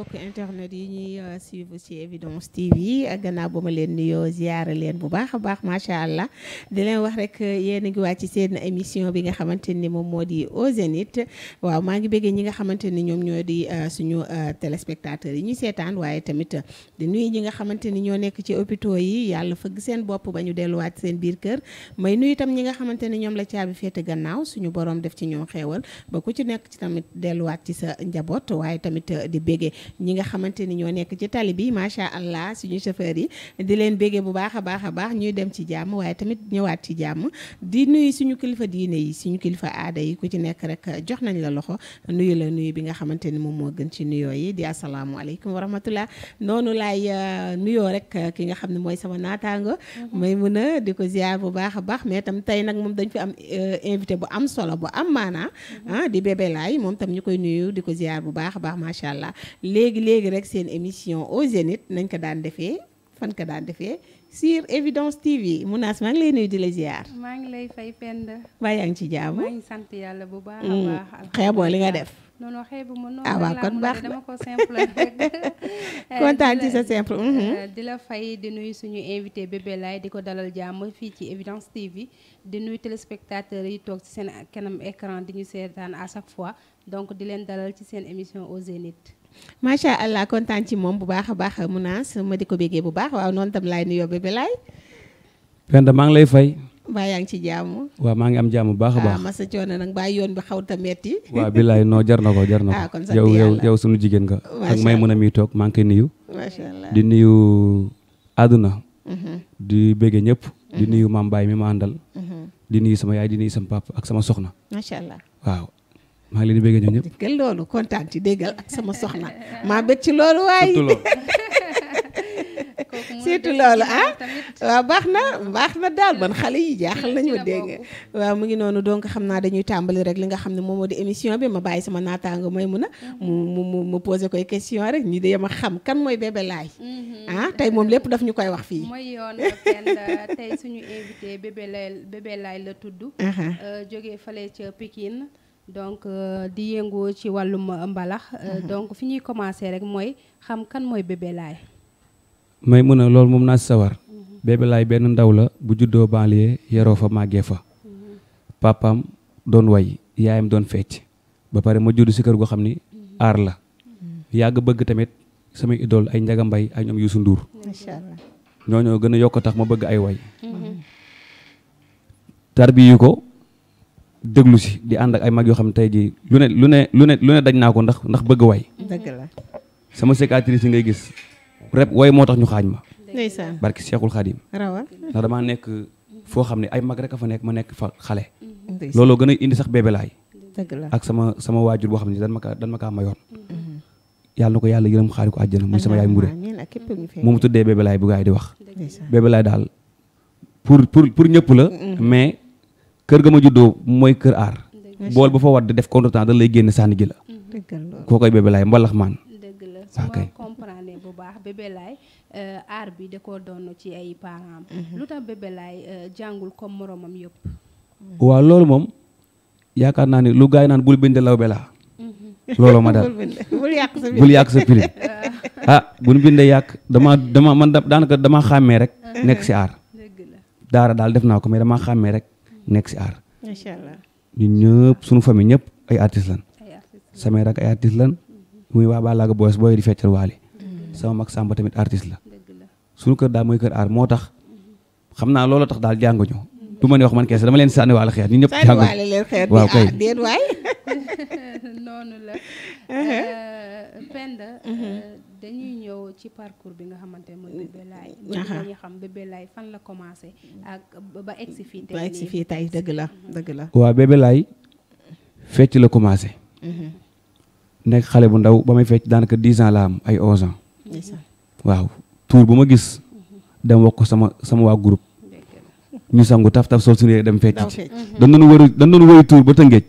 mbokk internet yi ñuy euh, suivre ci Evidence TV gannaaw ba ma leen nuyoo ziyaare leen bu baax a baax macha allah di leen wax rek euh, yéen a ngi wàcc ci seen émission bi nga xamante ni moom moo di au zénith waaw maa ngi bëggee ñi nga xamante ni ñoom ñoo di euh, suñu téléspectateurs yi ñu seetaan waaye tamit di nuy ñi nga xamante ni ñoo nekk ci opito yi yàlla fëgg seen bopp ba ñu delluwaat seen biir kër may nuyu tam ñi nga xamante ni ñoom la caabi féete gannaaw suñu boroom def ci ñoo xeewal ba ku ci nekk ci tamit delluwaat ci sa njaboot waaye tamit di bëggee ñi nga xamante ni ñoo nekk ci tali bi macha allah suñu chauffeur yi di leen béggee bu baax a baax a baax ñuy dem ci jàmm waaye tamit ñëwaat ci jàmm di nuyu suñu kilifa diine yi suñu kilifa aada yi ku ci nekk rek eh, jox nañ la loxo nuyu la nuyu bi nga xamante ni moom moo gën ci nuyoo yi di asalaamualeykum wa rahmatullah noonu laay eh, nuyoo rek eh, ki nga xam ne mooy sama naataango mooy mm-hmm. mun di ko ziar bu baax a baax mais tam tey nag moom dañ fi am invité bu am solo bu am maanaa mm-hmm. ah, di bébé moom tam ñu koy nuyu di ko ziar bu baax a baax macha allah léegi léegi rek seen émission au zénith nañ ko daan defee fan ko daan defee sur Evidence TV Mounass maa ngi lay nuyu di la ziar. maa ngi lay fay Penda. mbaa yaa ngi ci jàmm. sant yàlla bu baax a mm. baax. xeeboo li nga def. non non xeebu ma noonu. Ah, kon baax na dama ko simple rek. Eh, kontaan ci sa simple. Eh, mhm. di la fay di nuyu suñu invité bébé laay di ko dalal jàmm fii ci Evidence TV di nuyu téléspectateurs yi toog ci seen kenam écran di ñu seetaan à chaque fois donc di leen dalal ci seen émission au macha allah taan ci moom bu baax a baax Mounass ma di ko béggee bu baax waaw noonu tam laay nuyoo bébé laay. Penda maa ngi lay fay. mbaa yaa ngi ci jàmm. waaw maa ngi am jàmm bu baax a baax. ah masa coono nag bàyyi yoon bi ta metti. waaw billaay non jar na ko jar na ko. ah kon sant yow yow yow sunu jigéen nga. a miy toog maa ngi koy nuyu. macha allah di mm-hmm. di béggee ñëpp. di mm-hmm. nuyu maam mi ma àndal. Mm-hmm. di nuyu sama yaay di nuyu sama ak sama soxna. macha allah waaw maa ngi leen di bëgg ñoom ñëpp déggal loolu kontaan ci déggal ak sama soxna maa bëgg ci loolu waaye surtout loolu ah waaw baax na baax na daal man xale yi jaaxal nañu dégg nga mu ngi noonu donc xam naa dañuy tàmbali rek li nga xam ne moom moo di émission bi ma bàyyi sama naataango mooy mun a mu mu mu posé koy question rek ñi de ma xam kan mooy bébé mhm. ah tey moom lépp daf ñu koy wax fii mooy yoon suñu laay la tudd euh, jógee fale ca Pikine donc euh, di yëngoo ci wàllum euh, mbalax. Euh, mhm. donc fi ñuy commencer rek mooy xam kan mooy Bébé may mën a loolu moom naa sawar. Mhm. Bébé benn ndaw la bu juddoo banlieue yaroo fa màggee fa. Mhm. papaam doon way yaayam doon fecc ba pare ma judd si kër goo xam ni aar la. yàgg bëgg tamit samay idole ay Ndiaga mbay ay ñoom Youssou Ndour. macha allah gën a yokk tax ma bëgg ay way. tarbiyu ko. déglu si di ànd ak ay mag yoo xam ne tey jii lu ne lu ne lu ne lu ne daj naa ko ndax ndax bëgg way dëgg la sama cicatrice yi ngay gis rep way moo tax ñu xaaj ma ndeysaan barki Seexul Xaadim rawal ndax damaa nekk foo xam ne ay mag rek a fa nekk ma nekk fa xale looloo gën a indi sax bébélaay dëgg la ak sama sama waajur boo xam ne dan ma kaa dan ma kaa mayoon mhm. yàlla na ko yàlla yërëm xaari ko àjjana muy sama yaay mbure moom tuddee bébélaay bu gaa yi di wax bébélaay daal pour pour ñëpp la mhm. kër ga ma juddoo mooy kër aar bool ba fa wadd def contretemps da lay génn sànni gi la koo koy bébé laay mbalax maan bu baax bébé euh, bi da ci ay parents mhm. lu tax bébé laay euh, jàngul comme moromam yëpp mhm. waaw loolu moom yaakaar naa ne lu gaay naan bul binde law belaa mhm. looloo ma daal bul yàq sa prix ah bu bindee yàq dama dama man daanaka dama xàmmee rek nekk ci aar daara daal def naa ko mais dama xàmmee rek nekk si aar. macha allah ñun ñëpp sunu famille ñëpp ay artistes lan. samay rak ay artistes lan. Mhm. muy waa Ballago Boys booy di feccal waale. Mhm. sama mag Samba tamit artiste la. suñu kër daal mooy kër aar moo tax mhm. xam naa loolu tax daal jànguñu du ma ne wax man kees dama leen sànni xeer ñun ñëpp. jàng leen xeer waaw ah, kay déet waay. noonu la. Uh-huh. Euh, Penda. Uh-huh. Euh, dañuy ñëw ci parcours bi nga xamante ne mooy uh-huh. Bébé fan la commencé ak ba egg si fii. tey dëgg la dëgg la. waaw Bébé Laye fecc la commencé. nekk xale bu ndaw ba may fecc daanaka dix ans la am ay onze waaw tuur bu ma gis. dama wax sama sama waa groupe. ñu sangu taf taf sol suñu a dem fecc ci mhm. dañ doon wëru dañ doon wëru tuur ba tëngéej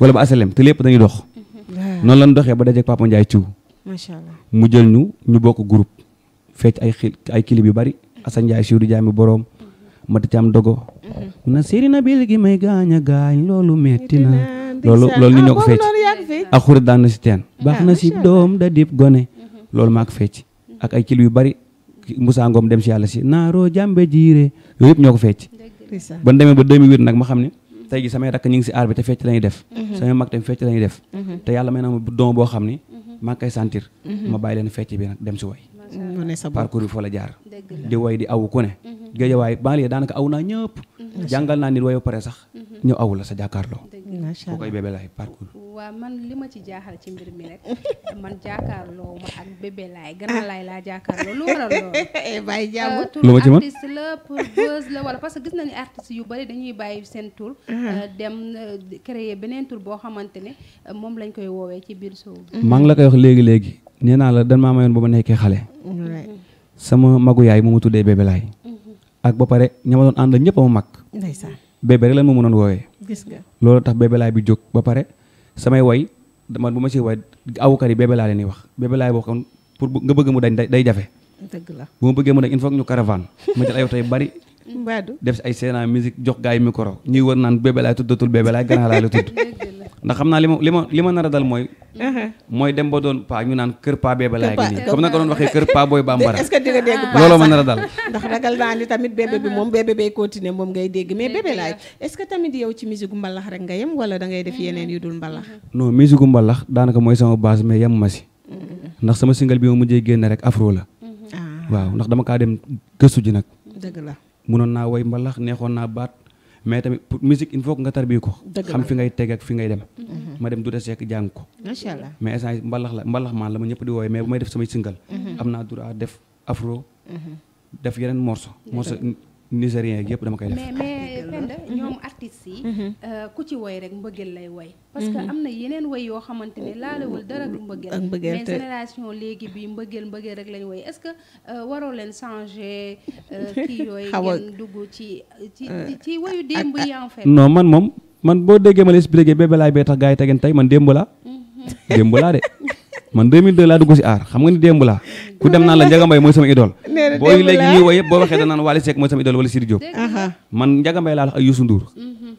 wala ba asalem te lépp dañuy dox mhm. noonu lañ doxee ba dajeek Papa Ndiaye Thiou macha allah mu jël ñu ñu bokk groupe fecc ay xil yu bari mhm. Assane Ndiaye Thiou di jaami boroom mati cam dogo na séri na bil gi may gaañ a gaañ loolu metti na loolu loolu ni ñoo ko ah, fecc ak xuri daan na baax ah, na doom da dib gone loolu maa ko fecc ak ay clip yu bari Moussa Ngom dem si yàlla si naaroo jàmbe jiire yooyu yëpp ñoo ko fecc ban demee ba 2008 nag ma xam ne tey ji samay rakk ñu ngi si aar bi te fecc lañuy def mhm. samay mag tam fecc lañuy def mhm. te yàlla may na ma don boo xam ne mhm. maa ngi koy sentir ma bàyyi leen fecc bi nag dem si way parcours bi fa la jaar di way di aw ku ne géejawaay banlieue daanaka aw naa ñëpp jàngal naa nit wayu pare sax ñëw aw la sa jàkkaarloo macha allah boo koy bébé laay parcours. waaw man li ma ci jaaxal ci mbir mi rek man jàkkaarloo ma ak bébé laay gannaaw laa jàkkaarloo lu waral loolu. Eh, bàyyi jàmm euh, lu ma ci mën artiste parce que gis nañu artiste yu bari dañuy bàyyi seen tur. Uh-huh. Euh, dem euh, créer beneen tur boo xamante ne moom lañ koy woowee ci biir soow. maa ngi la koy wax léegi léegi nee naa la dan maa mayoon ba ma nekkee xale. sama magu yaay mu ma tuddee bébé mm-hmm. ak ba pare ña ma doon àndal ñëpp a ma mag. ndeysaan bébé rek lan ma mënoon woowee. gis nga loolu tax bébélaay bi jóg ba pare samay way man bu ma si way awukat yi bébélaay la ñuy wax bébélaay boo xam pour nga bëgg mu dañ day jafe dëgg la bu ma bëggee mu dañ il faut ñu caravane ma jël ay oto yu bari def si ay scène musique jox gars yi micro ñuy war naan bébélaay tuddatul bébélaay gannaaw laay la tudd ndax xam naa li ma li ma li ma nar a dal mooy. Uh-huh. mooy dem ba doon paa ñu naan kër paa bébé laay gi nii comme na ko doon waxee kër paa booy bambara. est ah. looloo ma nar a dal. ndax ragal naa ni tamit bébé bi uh-huh. moom bébé bay continuer moom ngay dégg mais bébé laay est tamit yow ci musique mbalax rek nga yem wala da def yeneen yu dul mbalax. Uh-huh. non musique mbalax daanaka mooy sama base mais yem ma si. ndax sama single bi ma mujjee génne rek afro la. waaw ndax dama kaa dem mais tamit pour musique il faut que nga tarbiyu ko xam fi ngay teg ak fi ngay dem mhm. ma dem Duda Seck jàng ko macha allah mais essence mbalax la mbalax maan la ma ñëpp di wooye mais bu may def samay single mhm. am naa droit def afro mhm. def yeneen morceau nigérien yëpp dama koy def. mais mais Penda ñoom artistes yi. Mhm. Mhm. Euh, ku ci woy rek mbëggeel lay woy. parce que mhm. am na yeneen woy yoo xamante ne laalewul dara ak mbëggeel. ak mais génération léegi bi mbëggeel mbëggeel rek lañ woy est-ce que euh, waroo leen changer euh, kii yooyu. ngeen dugg ci ci ci woyu démb yi en fait. man moom man boo déggee ma la expliqué bébé laay bee tax gars yi tegeen tey man démb laa. démb laa de. man 2002 laa dugg si aar xam nga ni démb laa ku dem naan la Ndiaga Mbaye mooy sama idole booy léegi ñuy woy yëpp boo waxee da Wally Seck mooy sama idole wala Sidi Diop uh-huh. man Ndiaga Mbaye laa wax ay Youssou Ndour musique mm-hmm. mm-hmm.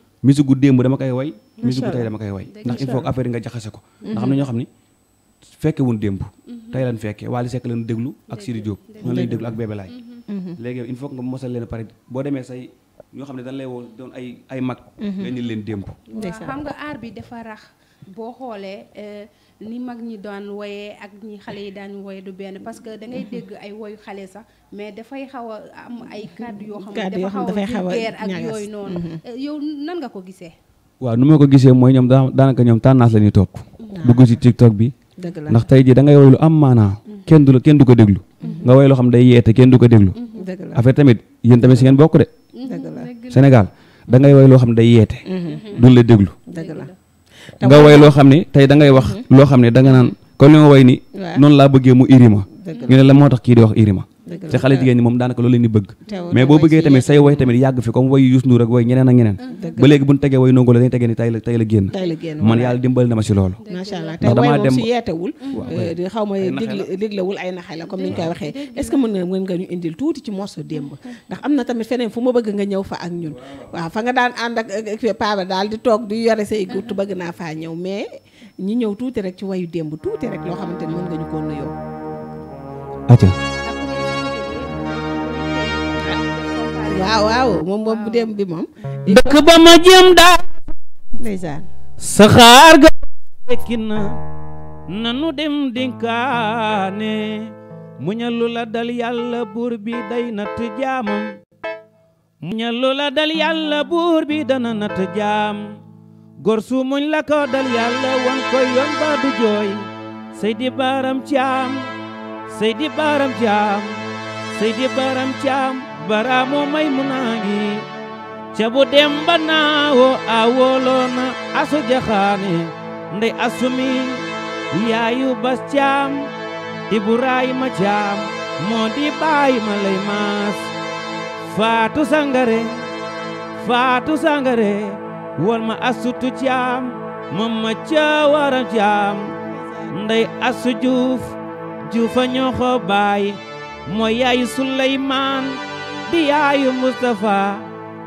mm-hmm. boo demee say ñoo xam ne dañ lay woo doon ay ay mag nga ni leen démb xam nga aar bi dafa rax boo xoolee euh, ni mag ñi daan woyee ak ñi xale yi daan woyee du benn parce que da ngay dégg ay woyu xale sax mais dafay xaw am ay kàddu yoo xam ne dafa xaw a guerre ak yooyu noonu mm-hmm. euh, yow nan nga ko gisee waaw nu ma ko gisee mooy ñoom daanaka ñoom tendance la ñuy topp mm-hmm. dugg ci tiktok bi ndax tey jii da ngay woy lu am maanaa mm-hmm. kenn du kenn du ko déglu nga woy loo xam day yeete kenn du ko déglu affaire tamit yéen tamit si ngeen bokk de Sénégal da ngay woy loo xam day yeete du la déglu nga way loo xam ne tey dangay ngay wax mm-hmm. loo xam ne da nga naan kon li ma way ni noonu laa bëgge mu irima ñu ne la moo tax kii di wax irima te xale jigéen ñi moom daanaka loolu leen di bëgg mais boo bëggee tamit say way tamit yàgg fi comme way Youssou Ndour ak way ñeneen ak ñeneen mm, ba léegi bu ñu tegee way nongo la dañu tegee ni tay la tay génn man yàlla dimbal na ma si loolu macha allah te way moom si yeetewul mm. euh, xaw ma diglewul ay naxay la comme ni ñu koy waxee est ce que mën nga mën nga ñu indil tuuti ci morceau démb ndax am na tamit feneen fu ma bëgg nga ñëw fa ak ñun waaw fa nga daan ànd ak paaba daal di toog di yore say gutt bëgg naa faa ñëw mais ñi ñëw tuuti rek ci wayu démb tuuti rek loo xamante ni mën nga ñu ko nuyoo waaw waaw moom moom bu dem bi moom. dëkk ba ma jëm daal. saxaar ga. tekki na nanu dem dénkaane muñal lu la dal yàlla buur bi day la dal yàlla dana natt jaam. góor muñ la ko dal yàlla wan koy yoon ba du jooy. Seydi Baram Caam Seydi Baram Caam Seydi Baram Caam baraamu Maymuna ngi cebu Demba naawo awooloona asu jaxaane ndey asumi yaayu bas caam di caam moo di baay ma lay maas faatu sangare faatu sangare wal ma asutu caam ma ma caawaram caam ndey asu juufa ñoo baay moo yaayu Suleymaan di yaayu Moustapha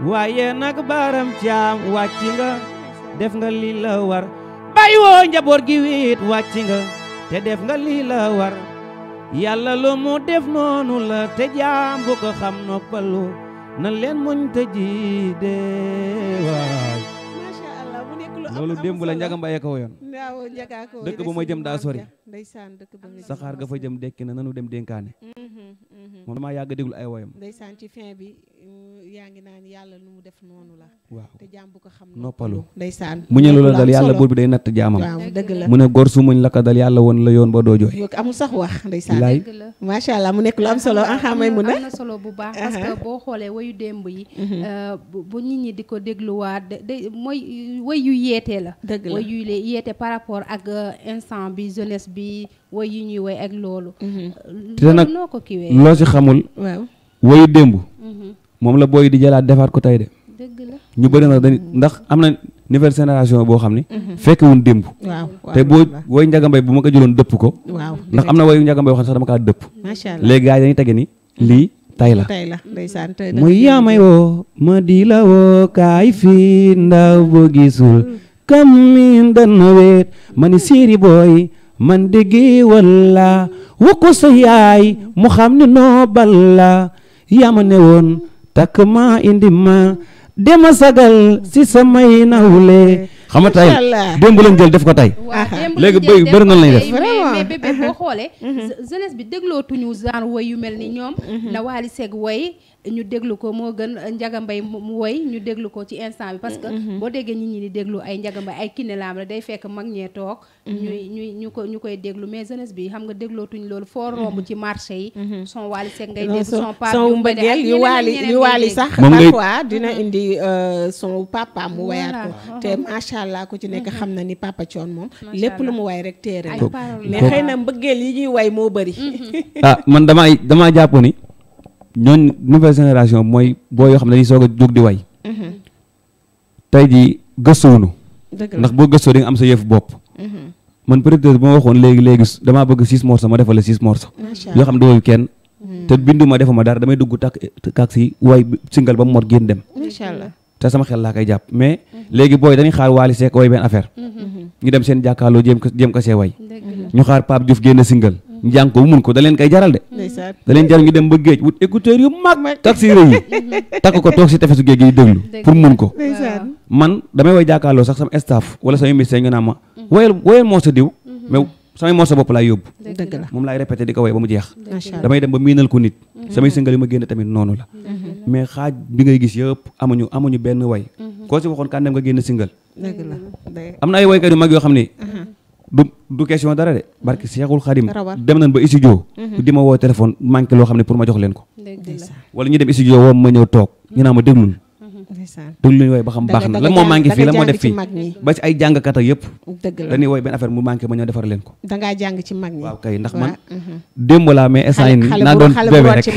waaye nag baram caam wàcc nga def nga lii la war bay woo njaboot gi wit wàcc nga te def nga lii la war yàlla lu mu def noonu la te jaam bu ko xam noppalu na leen muñ te ji de waay loolu démb la njagam bàyyee ko woyoon dëkk ba ma jëm daa sori saxaar ga fa jëm dekki na nanu dem dénkaane mhm, mhm. moom damaa yàgg déglu ay woyam ndeysaan ci fin bi yaa ngi naan yàlla nu mu def noonu la. waaw te jaam bu ko xam noppalu ndeysaan mu ñu la dal yàlla buur bi day natt jaamam waaw dëgg la mu ne gor su muñ la ko dal yàlla woon la yoon ba doo jooy amul sax wax ndeysaan dëgg la macha allah mu nekk lu am solo ah may mun am na solo bu baax parce boo xoolee wayu démb yi mhm. euh, bu nit ñi di ko dégluwaat day mooy way yu yeetee la dëgg la way yeete par rapport ak euh, instant bi jeunesse bi way yu ñuy way ak loolu mhm. euh, te nag noo ko kiiwee loo si xamul waaw wayu démb mhm. moom la booy di jëlaat defaat ko tey de. dëgg la ñu bëri na dañuy mm-hmm. ndax am na nouvelle génération boo xam ni. Mm-hmm. fekk wuñ démb. waaw te boo woy njagambay bu ma ko jëloon dëpp ko. waaw ndax am na woy njagambay yoo xam ne sax dama kaa dëpp. macha allah léegi gars yi dañuy mm-hmm. la tay la ndeysaan tay la la woo siiri booy man déggi walla wa ko sa yaay mu xam ne noobal la yaama ne woon takk maa indi ma dema sagal si samay nawle xam nga tey démb lañ jël def ko tey ah, léegi bëy bëri na lañ def mais bébé boo uh-huh. xoolee uh-huh. jeunesse bi déglootuñu genre woy yu mel ni ñoom la uh-huh. Waly Seck woy ñu déglu ko moo gën euh, Ndiaga Mbaye mu woy ñu déglu ko ci instant bi parce que mm-hmm. Mm-hmm. boo déggee nit ñi di déglu ay Ndiaga ay Kiné Lam day fekk mag ñee toog mm-hmm. ñuy ñu ko ñu koy déglu mais jeunesse bi xam nga déglootuñ loolu foo romb ci marché yi son waali seeg ngay dégg son papa son mbëggeel yu waali dina indi euh, son papa mu wayaat ko te macha allah ku ci nekk xam na ni papa coon moom lépp lu mu way rek téere mais xëy na mbëggeel yi ñuy way moo bëri ah man damay damaa jàpp ni ñooñ nouvelle génération mooy boo yoo xam ne dañuy soog a jóg di way mhm. tey jii gëstuwunu ndax boo gëstoo di am sa yëfu bopp mhm. man producteur bi ma waxoon léegi léegi damaa bëgg six morceaux ma defal la six morceaux yoo xam ne dooyu kenn mhm. te binduma defuma dara damay dugg tak tak si way singal ba mu mot génn dem te sama xel laa koy jàpp mais léegi booy dañuy xaar Waly Seck way benn affaire ñu dem seen jàkkaarloo jéem ko jéem ko see way ñu xaar Pape Diouf génn singal ñu jàng ko bu mun ko da leen koy jaral de da leen jaral ñu dem ba géej wut écouteur yu mag taksi rëy yi takk ko toog si tefesu géej gi déglu pour mun ko man damay way jàkkaarloo sax sama staff wala sama ministère ñu naan ma woyal woyal moo sa diw mhm. mais samay morceau bopp laay yóbbu moom laay répété di ko woy ba mu jeex damay dem ba miinal ko nit mhm. samay singal yi ma génne tamit noonu la mais xaaj bi ngay gis yëpp amuñu amuñu benn way mhm. koo si waxoon du du question dara de barki Seexul Xadim dem nañ ba studio mhm. di ma woo téléphone manqué loo xam ne pour ma jox leen ko wala ñu dem studio woo ma ñëw toog mhm. ñu naa ma déglul mhm. déglul ñu ba xam baax na lan moo manqué fii ba ci ay jàngkat ak yëpp dañuy wooy benn affaire mu manqué ma ñëw defar leen ko dangaa jàng ci mag ñi waaw ndax man démb laa mais instant naa doon bébé rek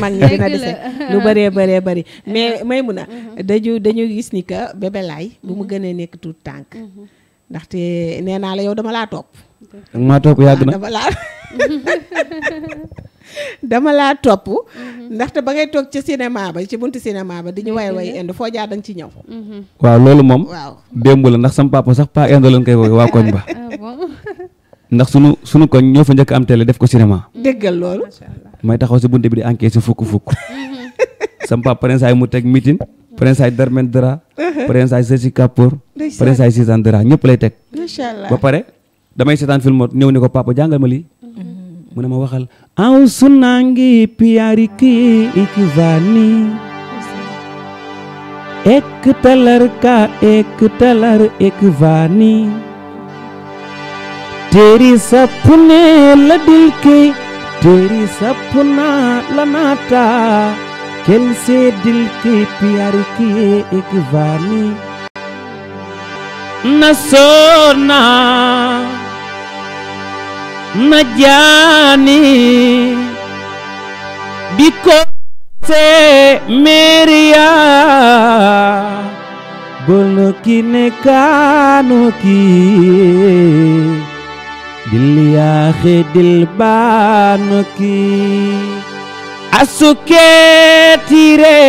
lu bëree bëree bëri mais may mun a dañu dañu gis ni que bébé laay bu mu gënee nekk tout ndaxte nee naa la yow dama laa topp. dama maa topp yàgg na ah, dama laa dama laa topp. Mm-hmm. ndaxte ba ngay toog ci cinéma ba ci buntu cinéma ba di ñu way way ind foo jaar dañ ci ñëw. Mm-hmm. waaw loolu moom. démb la ndax sam papa sax pa ind lañ koy waa koñ ba. Ah, ndax sunu sunu koñ ñoo fa njëkk am télé def ko cinéma. déggal loolu. may taxaw si buntu bi di encaissé fukk fukk. Mm-hmm. sama papa prince mu teg mitin prince ay dermen dara uh-huh. prince ay sësi kapoor prince ay sisan dara ñëpp lay teg macha pare damay seetaan film ñëw ni ko papa jàngal ma lii mm-hmm. mu a ma waxal aw sunangi piyaari ki ikivani ek talar ka ek talar ekvani तेरी सपने लडिल के तेरी सपना लनाटा कैल से दिल के प्यार की एक वानी न सोना न जानी बिको से मेरिया बोलो कि ने कानों की दिल आखे दिल बानों की asuketire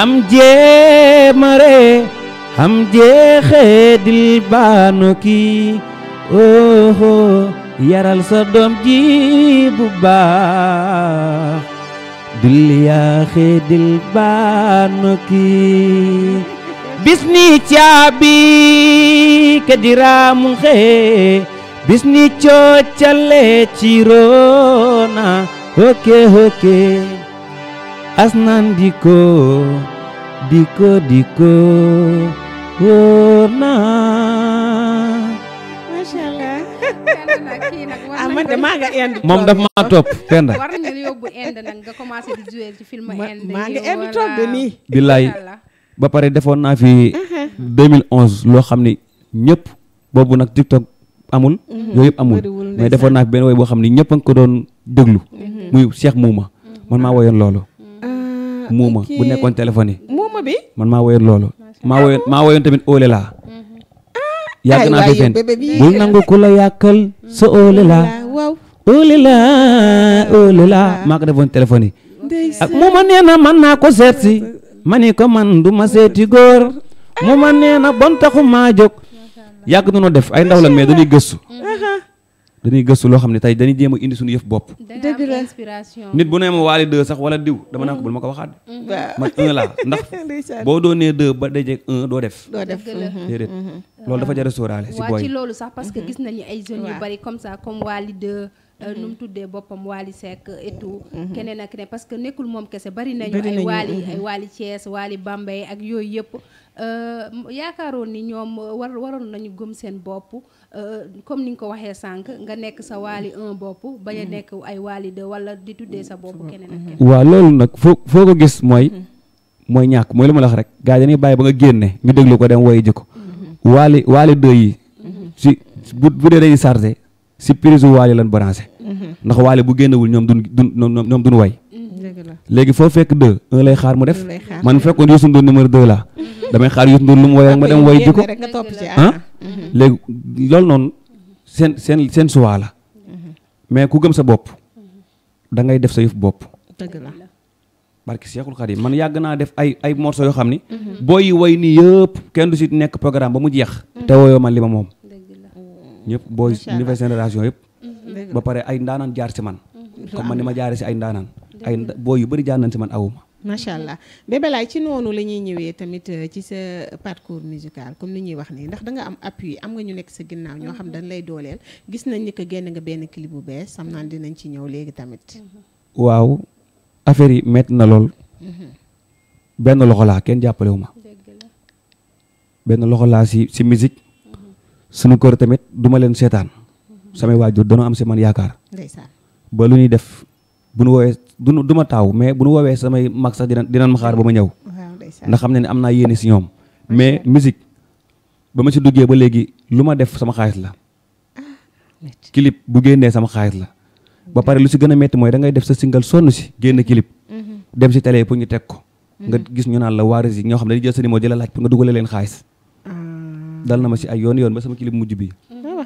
am jeemare am jeexe dil baanu ki oho yaral sa doom ji bu baax dil yaaxe dil baanu ki bisni caabi ke diraamu xe bisni coocale ci roona Oke oke Asnan Diko Diko Diko Wurna macha allah. ah man de maa nga moom daf maa topp Penda. war maa ngi indi topp de nii. billaay ba pare defoon naa fi. 2011 loo xam ni ñëpp boobu nag TikTok amul. Mhm. yooyu yëpp amul mais defoon naa fi benn woy boo xam ni ñëpp a ngi ko doon. déglu. Mhm. muy Cheikh Mouma. Mhm. man maa woyoon loolu. Euh, Mouma bu nekkoon téléphone yi. Mouma bi man maa woyoon loolu. maa woyoon maa woyoon tamit óole laa. Mhm. yàgg naa fi fenn bul nangu ku la yàkkal sa óole mm. laa. óole laa óole laa maa ko defoon téléphone yi. Ah, nee na man naa ko seet si. ma ni ko man du ma seeti góor. Mouma nee na bon taxu maa jóg. yàgg nañoo def ay ndaw la mais dañuy gëstu. dañuy gëstu loo xam ne tey dañuy jéem a indi suñu yëf bopp. dëgg la inspiration. nit bu nee ma waali deux sax wala diw dama naan ko bul ma ko waxaat. Mm-hmm. waaw man un laa ndax. boo doonee deux ba dajee un doo def. doo def mm-hmm. déedéet. Mm-hmm. loolu dafa jar a sóoraale si booy. waali deux. Euh, nu mu tuddee boppam Waly Seck et keneen ak keneen parce nekkul moom kese bari nañu. ay Waly ay Waly Thiès Waly Bambey ak yooyu yëpp. Euh, yaakaaroon ni ñoom war waroon nañu gëm seen bopp. Euh, comme ni nga ko waxee sànq nga nekk sa waali un bopp mm-hmm. nekk ay waali deux wala di tuddee sa bopp mm-hmm. keneen ak mm-hmm. loolu nag foo foo ko gis mooy mooy ñàkk mooy lu ma la wax rek gars yi dañuy bàyyi ba nga génne ñu déglu ko dem woyi ji ko waali waali deux yi si bu bu dee dañuy chargé si prise waali lan branché ndax waali bu génnewul ñoom duñ duñ ñoom duñ way léegi foo fekk deux un lay xaar mu def man fekkoon Youssou Ndour numéro deux la damay xaar Youssou Ndour lu mu woy rek ma dem woy ji Mm-hmm. léegi loolu noonu seen seen seen suwaa la mm-hmm. mais ku gëm sa bopp mm-hmm. da ngay def sa yëf bopp. dëgg la barki Seexul Xadiim man yàgg naa def ay ay morceaux yoo xam ni. booy yi way nii yëpp kenn du si nekk programme ba mu jeex. te woyoo man li ma moom. ñëpp booy nouvelle génération yëpp. ba pare ay ndaanaan jaar si man. comme man ni ma jaare si ay ndaanaan ay booy yu bëri jaar nañ si man awuma macha mhm. allah Bébé ci noonu la ñuy ñëwee tamit euh, ci sa parcours musical comme li ñuy wax nii ndax da nga am appui am nga ñu nekk sa ginnaaw ñoo xam mhm. dañ lay dooleel gis nañ ni que génn nga benn clip bu bees xam naa dinañ ci ñëw léegi tamit. Mhm. waaw affaire yi métti na lool. benn loxo laa kenn jàppale wu ma. benn loxo laa si si musique. kër tamit duma leen seetaan. samay waajur danoo am si man yaakaar. ba lu ñuy def bu nu woowee du du ma taaw mais bu nu woowee samay mag sax dina dinañ ma xaar ba ma ñëw ndax xam ne ne am naa yéene si ñoom mais musique ba ma si duggee ba léegi lu ma def sama xaalis la clip bu génnee sama xaalis la ba pare lu si gën a métti mooy da def sa single sonn si génn clip mm-hmm. dem si télé pour ñu teg ko nga mm-hmm. gis ñu naan la waaris yi ñoo xam ne dañuy jël sa numéro di la laaj pour nga dugale leen xaalis ah. dal na ma si ay yoon yoon ba sama clip mujj bi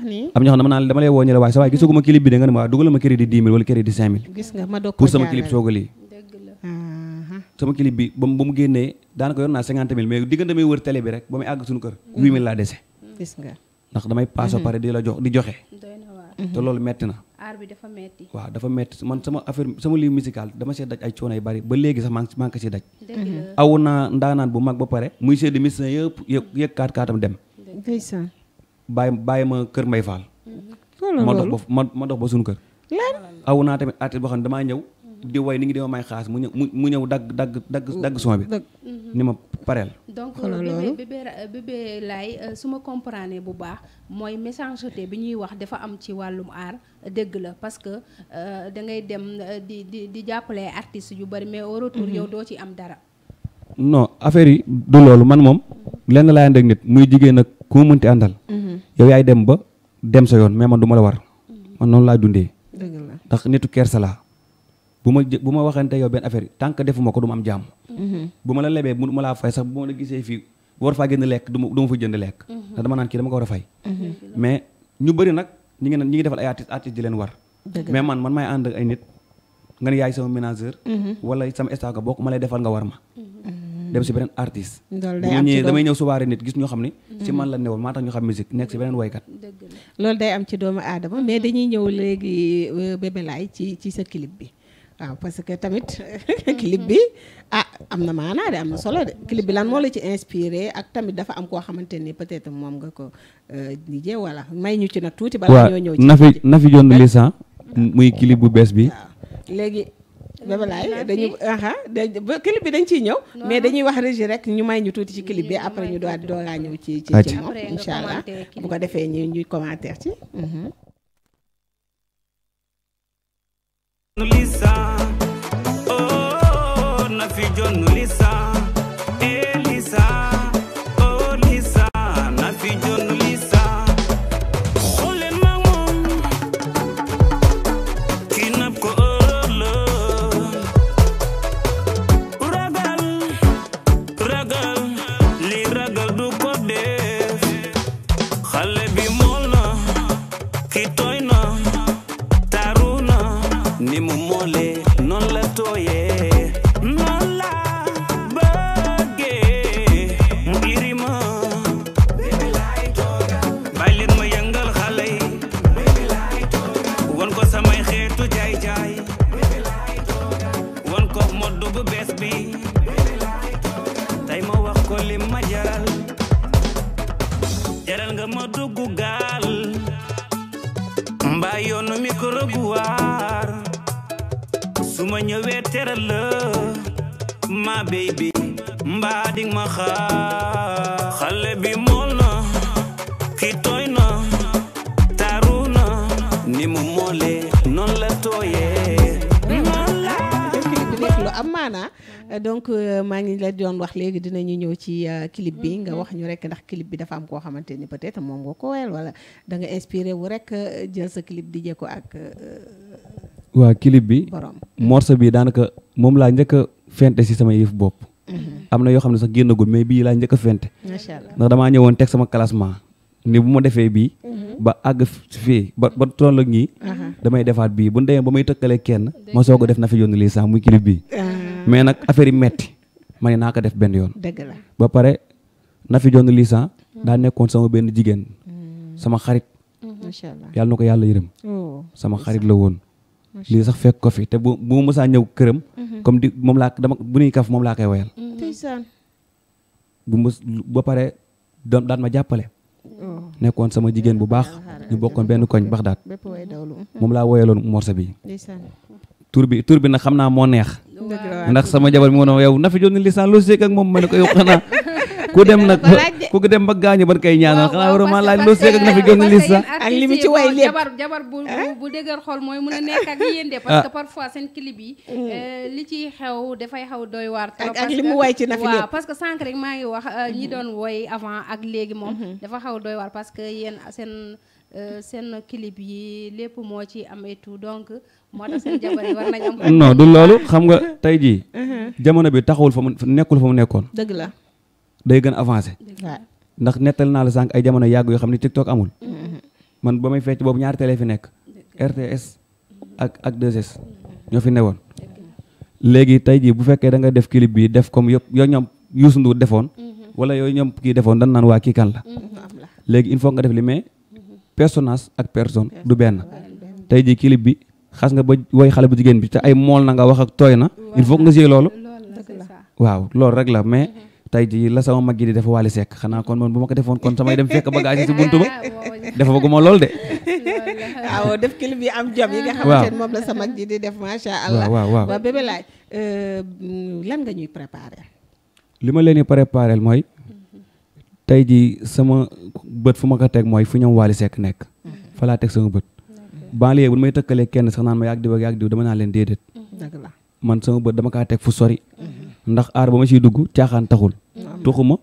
wax nii am ñoo xam ne ma naan dama lay woo ñu la waaye sa waaye gisaguma clip bi de nga ne ma waaw dugalal ma crédit dix mille wala crédit cinq mille gis nga ma doog pour sama clip sooga lii sama clip bi ba mu génnee daanaka yor naa cinquante mhm. mhm. na aar bi dafa metti waaw dafa metti sama affaire sama livre musical dama see daj ay coono yu bari ba léegi sax maa ngi ko si bu mag ba pare muy seeddi médecin yëpp yëg yëg kaatam dem bàyyi bàyyi ma kër may Fall. ma dox ba ma ma ba suñu kër. aw naa tamit artiste boo xam ne damaa ñëw. di way ni ngi dima may xaas mu ñëw mu ñëw dagg dagg dagg dagg son bi ni ma pareel donc bébé bébé laay euh, su ma comprendre bu baax mooy méchanceté bi ñuy wax dafa am ci wàllum aar dëgg la parce que euh, da ngay dem euh, di di di jàppale artistes yu bari mais waratul mhm. yow doo ci am dara non affaire yi du loolu man moom lenn laa ànd ak nit muy jigéen ak ku mu mënti àndal mhm. yow yaay dem ba dem sa yoon mais man du ma la war man noonu laa dundee. la ndax nitu kersa laa bu ma bu ma waxante yow benn affaire tant que defuma ko du am jàmm. Mhm. bu ma la lebee bu ma laa fay sax bu ma la gisee fii war faa génn lekk du ma du ma fa jënd lekk. Mhm. ndax dama naan kii dama ko war a fay. Mhm. mais ñu bëri nag ñi ngi ñi ngi defal ay artiste artiste di leen war. mais man man may ànd ak ay nit nga ne yaay sama ménageur. wala sama staff bokk ma lay defal nga war ma. dem si beneen artiste bu ñëwee damay ñëw soirée nit gis ñoo xam ne mm-hmm. si man la newoon maa tax ñu xam musique nekk si beneen waykat loolu day am ci doomu aadama mais dañuy ñëw léegi euh, Bébé ci sa clip bi waaw parce que tamit clip bi mm-hmm. ah am na maanaa de am na solo de clip bi lan moo la ci inspiré ak tamit dafa am koo xamante ni peut-être moom nga ko liggéey euh, wala may ñu ci nag tuuti. ba ñoo ñëw ci na fi na fi jond lisan muy clip bu bees bi. Bébé Laye dañu aha ba clip bi dañ ciy ñëw mais dañuy wax régie rek ñu may ñu tuuti ci clip bi après ñu doon doogaa ñëw ci ci ci moom incha allah bu ko defee ñu ñuy commentaire ci mhm. Lisa oh, na fi jonn doon wax léegi dinañu ñëw ci euh, clip bi nga mm-hmm. wax ñu rek ndax clip bi dafa am koo xamante ni peut-être moom nga ko wel wala da nga inspiré wu rek euh, jël sa clip di jëkko ak. Euh, waaw clip bi borom morceau bi daanaka moom laa njëkk a fente si sama yëf bopp. Mm-hmm. am na yoo xam ne sax génnagul mais bii laa njëkk a fente. macha allah teg sama classement. ni bu ma defee bii. Mm-hmm. ba àgg fii ba ba toll ak ñii. Uh-huh. damay defaat bii bu ñu ba may tëkkalee kenn. ma soog a def na fi yónni lii sax muy clip bii. Uh-huh. mais nag affaire metti ma ne naa ko def benn yoon. dëgg ba pare na fi jong lisan daa nekkoon sama benn jigéen. Mm. sama xarit. Mm-hmm. macha yàlla na ko yàlla yërëm. Oh. sama xarit la woon. lii sax fekk ko fi te bu bu ma mësaa ñëw këram. Mm-hmm. comme di moom laa dama bu nuy kaf moom laa koy wayal. Mm-hmm. bu mës ba pare doon daan ma jàppale. Oh. nekkoon sama jigéen bu baax ñu bokkoon benn koñ bax daat moom laa woyaloon morso bi tur bi na xam naa moo neex. ndax sama jabar mi woon yow na fi jot ni lisaan loo seeg ak moom ma ne ko yow xanaa ku dem nag ku dem ba gaañu ban kay ñaanal xanaa waroo maa laaj loo seeg ak ak li mu ci way lépp jabar jabar bu bu dëgër xol mooy a nekk ak yéen de parce ah. que parfois seen clip yi mm. euh, li ciy xew dafay xaw doy waar trop maa ngi wax euh, ñi mm-hmm. doon woy avant ak léegi moom mm-hmm. dafa xaw doy waar parce que yéen seen euh, seen clip yi lépp moo ci am et donc moo tax seen jabar yi du loolu xam nga tey jii. Uh-huh. jamono bi taxawul fa mu nekkul fa mu nekkoon. dëgg la. day gën avancé. ndax nettal naa la sànq ay jamono yàgg yoo xam ne TikTok amul. Uh-huh. man ba may fecc boobu ñaari télé fi nekk. RTS uh-huh. ak ak ñoo fi newoon. léegi tey jii bu fekkee da nga def clip bii def comme yëpp yoo ñoom Youssou Ndour defoon. wala yooyu ñoom kii defoon dan naan waa kii kan la. léegi il faut nga def li mais personnage ak personne du benn. tey jii clip bi. xas nga ba woy xale bu jigéen bi te ay mool na nga wax ak tooy na il foog que nga siy loolu waaw loolu rek la mais mm-hmm. tey jii la sama mag yi di def Wally Seck xanaa kon man bu ma ko defoon kon dem fekk bagage yi si buntu ba dafa bëgguma lool de waaw def clip yi am jom yi nga ji di def macha allah waaw waaw waaw euh, lan nga ñuy préparer li ma leen di préparer mooy tey ji sama bët fu ma ko teg mooy fu ñoom Wally Seck nekk mm-hmm. fa teg sama bët banlieue bu may tëkkalee kenn sax naan ma yàgg diw ak yàgg diw dama naa leen déedéet man sama bët dama kaa teg fu sori mhm. ndax aar ba ma ciy dugg caaxaan taxul tuxuma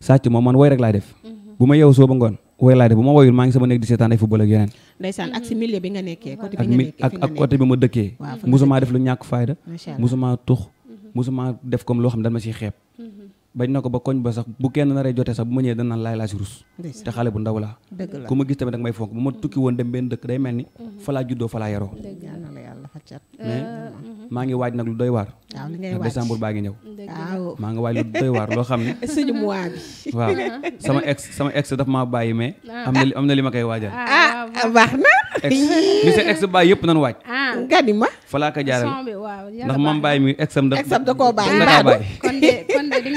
sàcc ma man woy rek laay def mhm. bu ma yeewu soo ba ngoon woy laay def bu ma woyul maa ngi sama nekk di seetaan ay football ak yeneen ndeysaan ak si milieu bi nga nekkee côté bi nga nekkee ak ak côté bi ma dëkkee musuma def lu ñàkk fayda musuma tux mhm. musuma def comme loo xam ne dañ ma bañ na ko ba koñ ba sax bu kenn naree jotee sax bu ma ñëwee dana laay laa si rus te xale bu ndaw laa ku ma gis tamit danga may fonk bu ma tukki woon dem benn dëkk day mel ni mhm. falaa juddoo falaa yaroo euh, mhm. maa ngi waaj nag lu doy waar décembre baa ngi ñëw maa ngi waaj lu doy loo xam ne suñu mois bi waaw sama ex sama ex daf maa bàyyi mais ah. am na li am na li ma koy waajal ah, ah baax na ex li sa ex bàyyi yëpp nan waaj ah. nga ni ma fa ko jaaral ndax mam bàyyi mi ex am da da koo bàyyi kon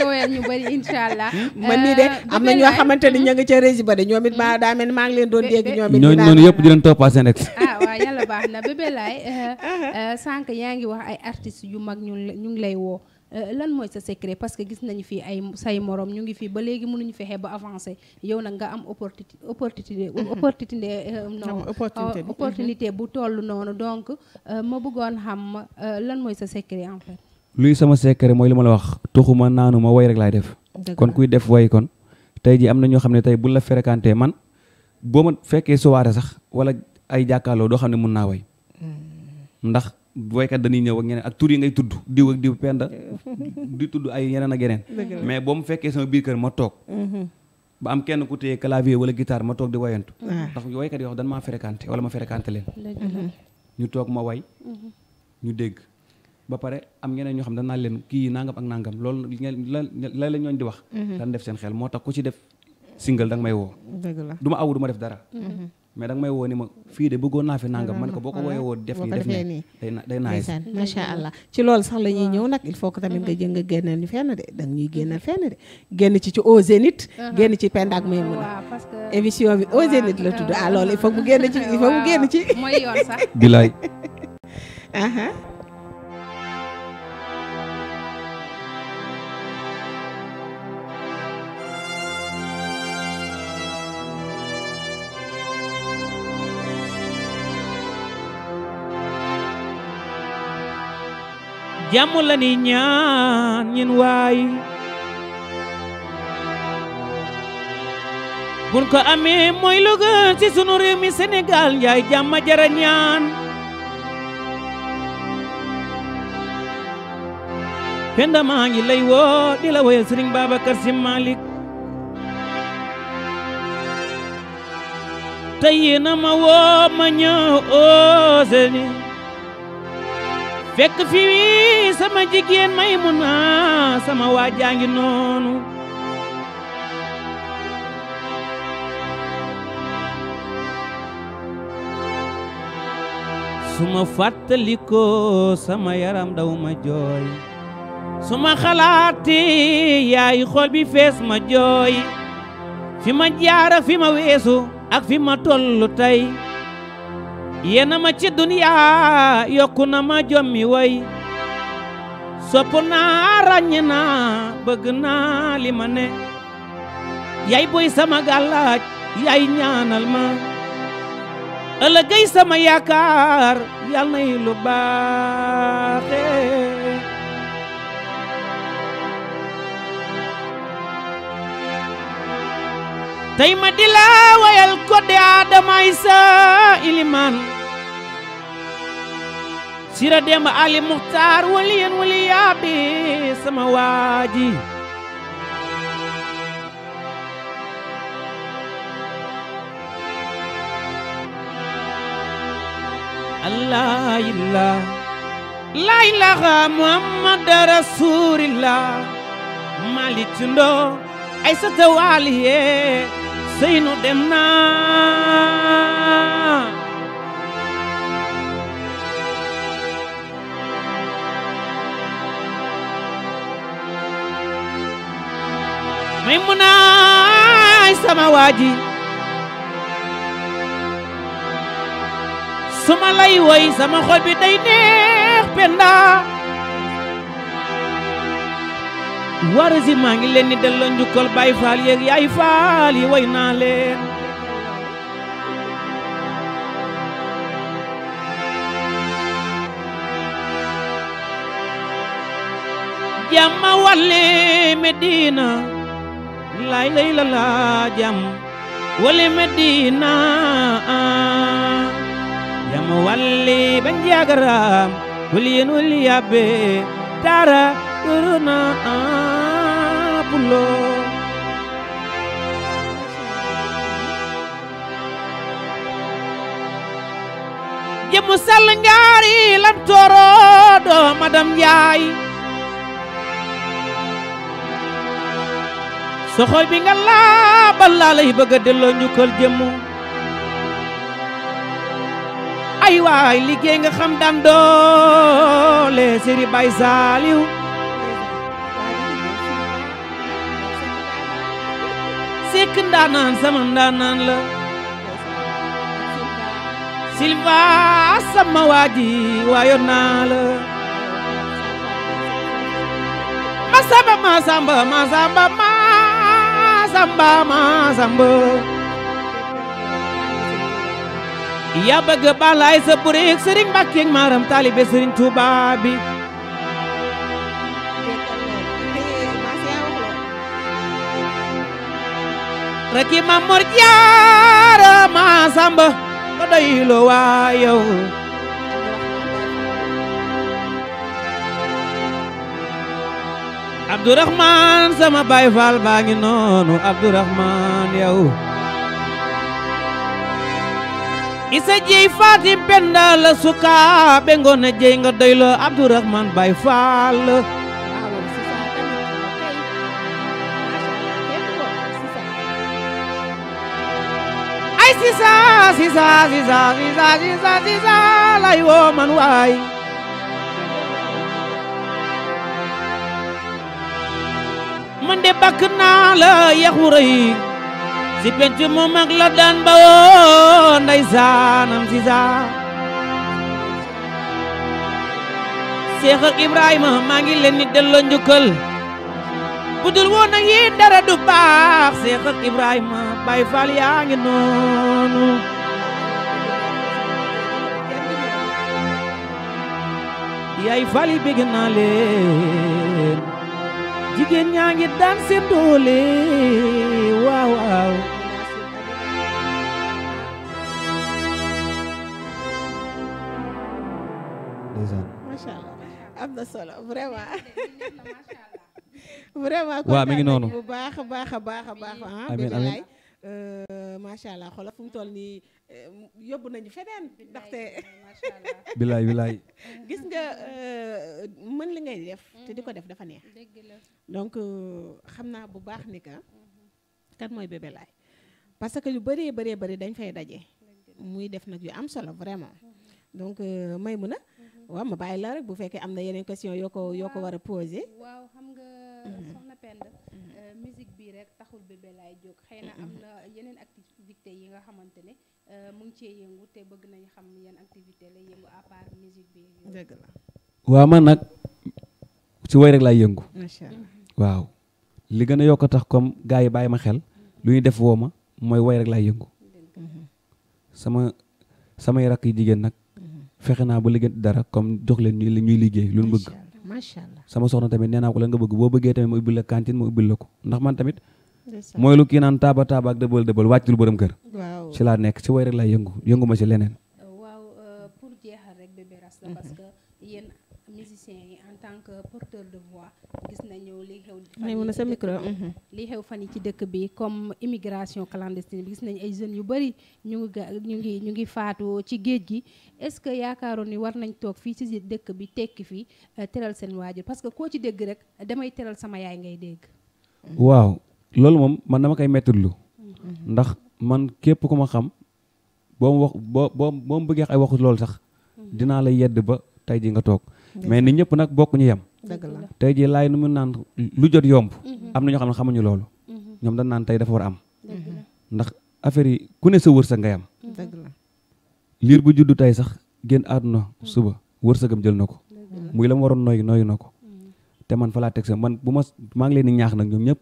woyal ñu bëri incha allah hmm? man nii de euh, am na ñoo xamante ni ña ca régi ba de ñoom it ma hmm. daa mel maa ngi leen doon dégg ñoom it ñooñu noonu yëpp di leen toppaa seen ex ah waaw yàlla baax na bébé laay euh, euh, sànq yaa ngi wax ay artistes yu mag ñu ñu ngi lay woo lan mooy sa secret parce que gis nañu fii ay say moroom ñu ngi fii ba léegi mënuñu fexe ba avancé yow nag nga am hmm. opportunité opportunité non opportunité bu toll noonu donc ma bëggoon xam lan mooy sa secret en luy sama secret mooy li ma la wax tuxuma naanu ma way rek laay def. kon kuy def way kon tey ji am na ñoo xam ne tey bu la fréquenté man boo ma fekkee soirée sax wala ay jàkkaarloo doo xam ne mun naa way. Hmm. ndax waykat dañuy ñëw ak ñeneen ak tur yi ngay tudd diw ak diw penda di tudd ay yeneen ak yeneen. mais boo mu fekkee sama biir kër ma toog. Mm-hmm. ba am kenn ku téye clavier wala guitare ma toog di wayantu. Ah. ndax waykat yoo xam dañ maa fréquenté wala ma fréquenté leen. ñu toog ma way. Mm-hmm. ñu dégg. ba pare am ñeneen ñoo xam ne danaa leen kii nangam ak nangam loolu la la la ñooñ di wax lan mhm. def seen xel moo tax ku ci def single da nga may woo dëgg la du ma awu du ma def dara mhm. mais da nga may woo ni ma fii de bëggoon naa fi nangam mhm. ko boo ko wooyee woo def def nii day day naay allah ci loolu sax la ñëw nag il faut que tamit nga jëng génneel ñu fenn de da ñuy génneel fenn de génn ci ci au zénith génn ci Penda ak Maimouna émission bi au zénith la tudd jàmm la ni ñaan ñin waay buñ ko amee mooy lu gën ci sunu réew mi Sénégal njaay jàmm jara ñaan penda maa lay woo di la woyal Sëriñ Babacar Si Malick tey yéena ma woo ma ñëw oo oh, seeni fekk fi sama jigéen may mun naa sama waa ngi noonu su ma fàttalikoo sama yaram daw ma jooy su ma xalaati yaay xol bi fees ma jooy fi ma jaara fi ma weesu ak fi ma tollu tey yéena ma ci duniyaa yokku na ma jommi way sopp naa ràññe na bëgg naa li yay boy sama gàllaaj yay ñaanal ma ëllëgay sama yaakaar yal nay lu tey ma di la wayal kodde Adama Isa Iliman sira demba Ali Muxtaar waliyen waliyaa sama waaji Allah illah la ilaha Muhammad rasulillah Malick Thindo Aïssata Waliye Seynu dem na Maymuna ay sama waaji suma lay woy sama xol bi day neex penda warasi maa ngi leen di delloo njukkal Baay Faal yeeg yaay faal yi way naa leen jàmm lay lay la la jàmm wale Medina ba njaagaraam wali yen wali yàbbe taara πουλό jëmm sell ngaari lan toroodo madame Njaay bi nga laabal laa lay bëgga delloo njukkal jëmm ay waay liggéey nga xam daan doole sëri bay sekk ndaanaan sama ndaanaan la silva sama waaji waayoon naa la ma samba ma samba ma samba ma samba ma samba yaa bëgg balaay sa bureek sëriñ Mbàkke ak maaram taalibe sëriñ Tuubaa bi raki ma mor jaara nga doylu waa yow Abdourahman sama baay faal baa ngi noonu Abdourahman yow isa jey fatim penda la suka ngoon a jey nga doylu Abdourahman baay faal sisa sisa sisa sisa sisa sisa lay woo man waay man de bakk naa la yax rëy si penc mu mag la daan ba woo nday saanam sisa Seex Ibrahima maa ngi leen di delloo njukkal budul woon ak yéen dara du baax Seex Ibrahima bay faal yaa ngi noonu yaay faal yi bëgg leen jigéen ñaa ngi daan seen doole waaw waaw macha allah na solo vraiment vraiment. waaw mi ngi noonu bu baax a baax a baax a baax. Ah. Euh, macha allah xoolal fu mu toll nii eh, yóbbu nañu feneen ndaxte. bilaay bilaay gis nga euh, mën li ngay def. te di ko def dafa neex. donc euh, xam naa bu baax ni ka mhm. kan mooy bébé parce que yu bëree bëree bëri dañ fay daje. muy def nag yu am solo vraiment. Mhm. donc may mun a. Mhm. waaw ma bàyyi la rek bu fekkee am na yeneen question yoo ko yoo ko war a posé. waaw xam nga soxna Penda. rek taxul laay jóg xëy na am na yeneen activité yi nga xamante ne euh, mu ngi cee yëngu bëgg nañ xam yan activité waaw man nag ci woy rek laay yëngu waaw li gën a yokk tax comme gaa yi bàyyi ma xel lu ñuy def woo ma mooy woy rek laay yëngu sama samay rakk yi jigéen nag mm-hmm. fexe naa ba liggéey dara comme jox leen ñuy liggéey lu ñu bëgg macha allah sama soxna tamit nee naa ko lan nga bëgg boo bëggee tamit ma ubbil la cantine ma ubbil la ko ndax man tamit mooy lu kii naan taaba taaba ak dëbal dëbal wàccul borom kër ci laa nekk ci way rek laay yëngu yëngu ma leneen waaw euh, pour jeexal rek bébé la mhm. parce que yéen musiciens yi en tant que porteur de gis nañu li xew Maymuna sa micro mhm. li xew fan yi ci dëkk bi comme immigration clandestine bi gis nañ ay jeunes yu bëri ñu ngi ñu ngi ñu faatu ci géej gi est-ce que yaakaaroon ni war nañ toog fii ci dëkk bi tekki fii euh, teral seen waajur parce que koo ci dégg rek damay teral sama yaay ngay dégg mhm. waaw loolu moom man dama koy mettirlu mhm. ndax man képp ku ma xam boo mu wax boo boo boo mu bëggee ay waxu loolu sax dinaa la yedd ba tey ji nga toog mais ni ñëpp nag bokk ñu yem tey jii laay nu mu naan mm-hmm. lu jot yomb. Mm-hmm. am na ñoo xam ne xamuñu loolu. Mm-hmm. ñoom da naan tey dafa war am. ndax affaire yi ku ne sa wërsëg am. dëgg liir bu juddu tey sax génn àdduna suba wër wërsëgam jël na ko. muy la mu waroon nooy nooyu na ko. te man falaa laa teg man bu ma maa ngi leen di ñaax nag ñoom ñëpp.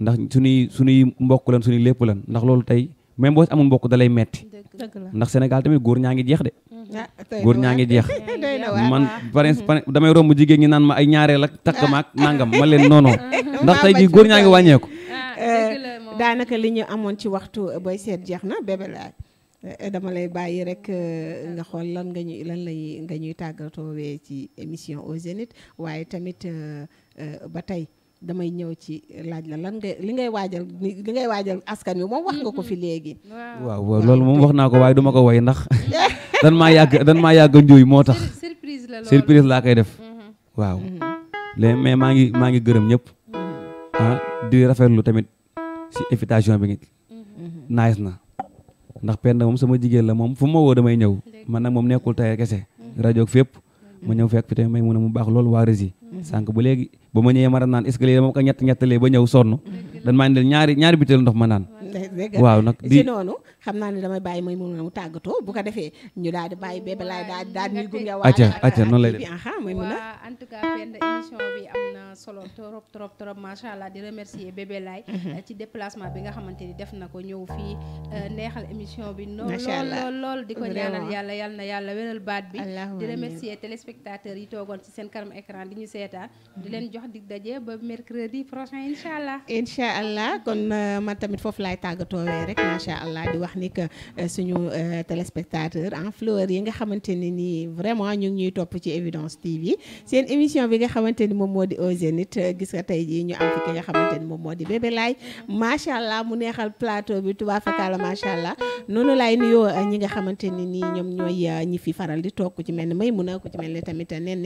ndax suñuy sunuy mbokk lan suñuy lépp lan ndax loolu tey même boo amul mbokk da lay metti ndax Sénégal tamit góor ñaa ngi jeex de. Mm-hmm. Ah, góor ñaa ngi jeex. man mm-hmm. parents damay romb jigéen ñi naan ma ay ñaareel ak takk maak nangam ma leen noonoo mm-hmm. ndax tey jii góor ñaa ngi wàññeeku. Ah, ah, daanaka li ñu amoon ci waxtu eh, booy seet jeex na eh, dama lay bàyyi rek eh, nga xool lan nga ñuy lan lay nga ñuy tàggatoowee ci émission au zénith waaye tamit ba tey. damay ñëw ci laaj la lan ngay li ngay waajal li waajal askan wi moom wax nga ko fi mm-hmm. léegi. waaw waaw loolu moom wax naa ko waaye duma ko woy ndax dan maa yàgg dan maa yàgg njuuy moo tax. surprise la surprise laa koy def. Mm-hmm. waaw mm-hmm. mais maa ngi maa ngi gërëm ñëpp. ah rafetlu tamit si invitation bi ngi nice na ndax Penda moom sama jigéen la moom fu ma woo damay ñëw man nag moom nekkul tey kese rajo ak fépp ma ñëw fekk fi tamit may mun a mu baax loolu waa Rési. Mm-hmm. sànq ba léegi ba ma ñëwee ma naan est-ce que léegi dama ko ñett ñettalee ba ñëw sonn mm-hmm. dan maa ma naan waaw nag di si noonu xam naa ne damay bàyyi may mënuna mu tàggatoo bu ko defee ñu daal di bàyyi bébé laay daal di daal di ñuy a mm-hmm. fii euh, neexal émission bi noonu lool lool di ko ñaanal yàlla yàlla na baat bi di remercier téléspectateurs yi toogoon ci seen kanam écran di ñu seetaan di leen jox dig daje ba mercredi prochain incha allah. incha allah kon euh, man tamit foofu laay tàggatoowee rek macha allah di wax ni euh, suñu euh, téléspectateur en fleur yi nga xamante ne nii vraiment ñu ñuy topp ci Evidence TV seen émission bi nga xamante ni moom moo di Au Zénith gis nga tey jii ñu am nga xamante ni moom moo di bébé laay macha allah mu neexal plateau bi tubaab fakala macha allah noonu laay nuyoo ñi nga xamante ni nii ñoom ñooy ñi fi faral di toog ku ci mel ni may a ku ci mel ni tamit nen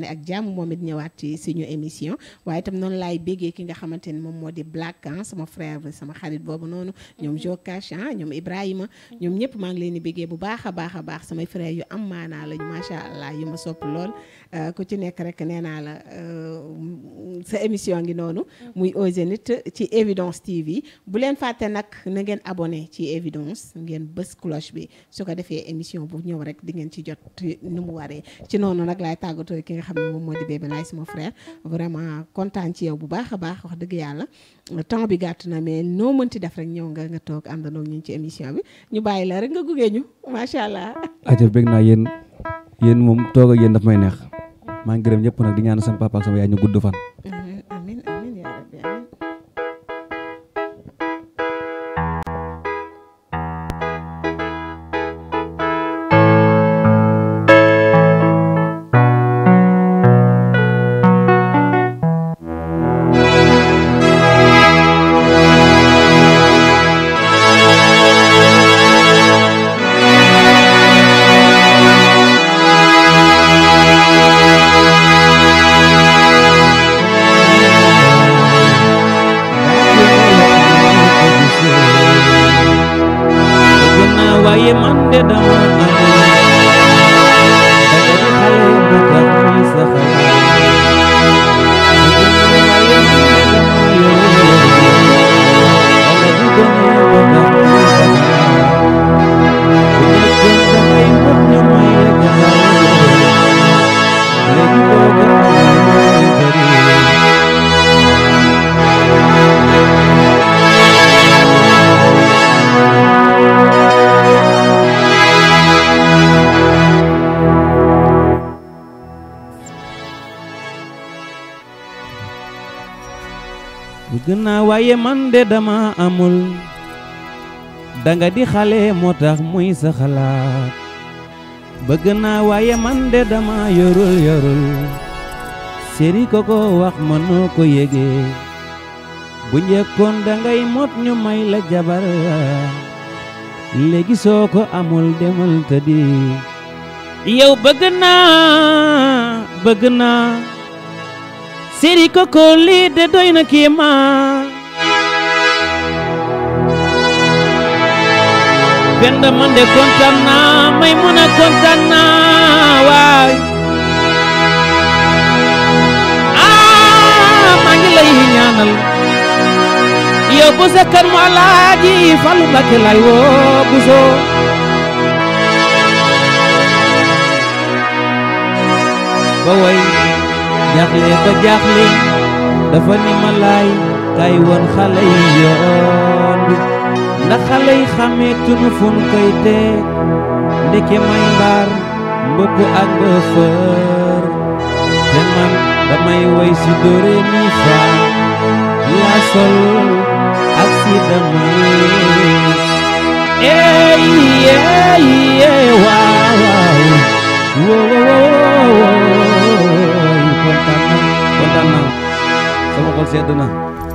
ne ànd ak jàmm moom it ñëwaat ci suñu émission waaye itam noonu laay béggee ki nga xamante ni moom moo di Black ah sama frère sama xarit boobu noonu ñoom mhm. Jokash ah ñoom Ibrahima mhm. ñoom ñëpp maa ngi leen di béggee bu baax a baax a baax samay frère yu am maanaa lañu macha allah yu ma sopp lool euh, ku ci nekk rek nee naa la euh, sa émission ngi noonu mhm. muy nit ci Evidence TV bu leen fàtte nag na ngeen abonné ci Evidence ngeen bës cloche bi su ko defee émission bu ñëw rek di ngeen ci jot xam moom moo di Bébé Laye sama frère vraiment kontaan ci yow bu baax a baax wax dëgg yàlla temps bi gàtt na mais noo mënti def rek ñëw nga nga toog àndandoo ñu ci émission bi ñu bàyyi la rek nga gugee ñu macha allah. ajëf bëgg naa yéen yéen moom toog ak yéen daf may neex maa ngi gërëm ñëpp nag di ñaan sama papa ak sama yaay ñu gudd fan. Mhm. dedem waaye man de dama amul danga di xale moo tax muy sa xalaat bëgg naa waaye man de dama yorul yorul séri ko ko wax mënoo ko yégee bu njëkkoon dangay mot ñu may la jabar léegi soo ko amul demal tëddi yow bëgg naa bëgg naa séri ko ko lii de doy na kii maa Penda man de kontaan naa Maymuna kontaan naa waay aa ah, maa ngi lay ñaanal yow bu sa kan mu alaaji Fallu Mbakke lay woo buso ba way jaaxle ba jaaxle dafa ni ma laay kay woon xale yoon ndax xale yi xamee tunu fun koy teg ndeke may mbaar mbëpp ak bëfër te man damay woy si dóore mi fa laa sol ak si damay ey ey ey waaw waaw kontaan naa kontaan naa sama xol sedd na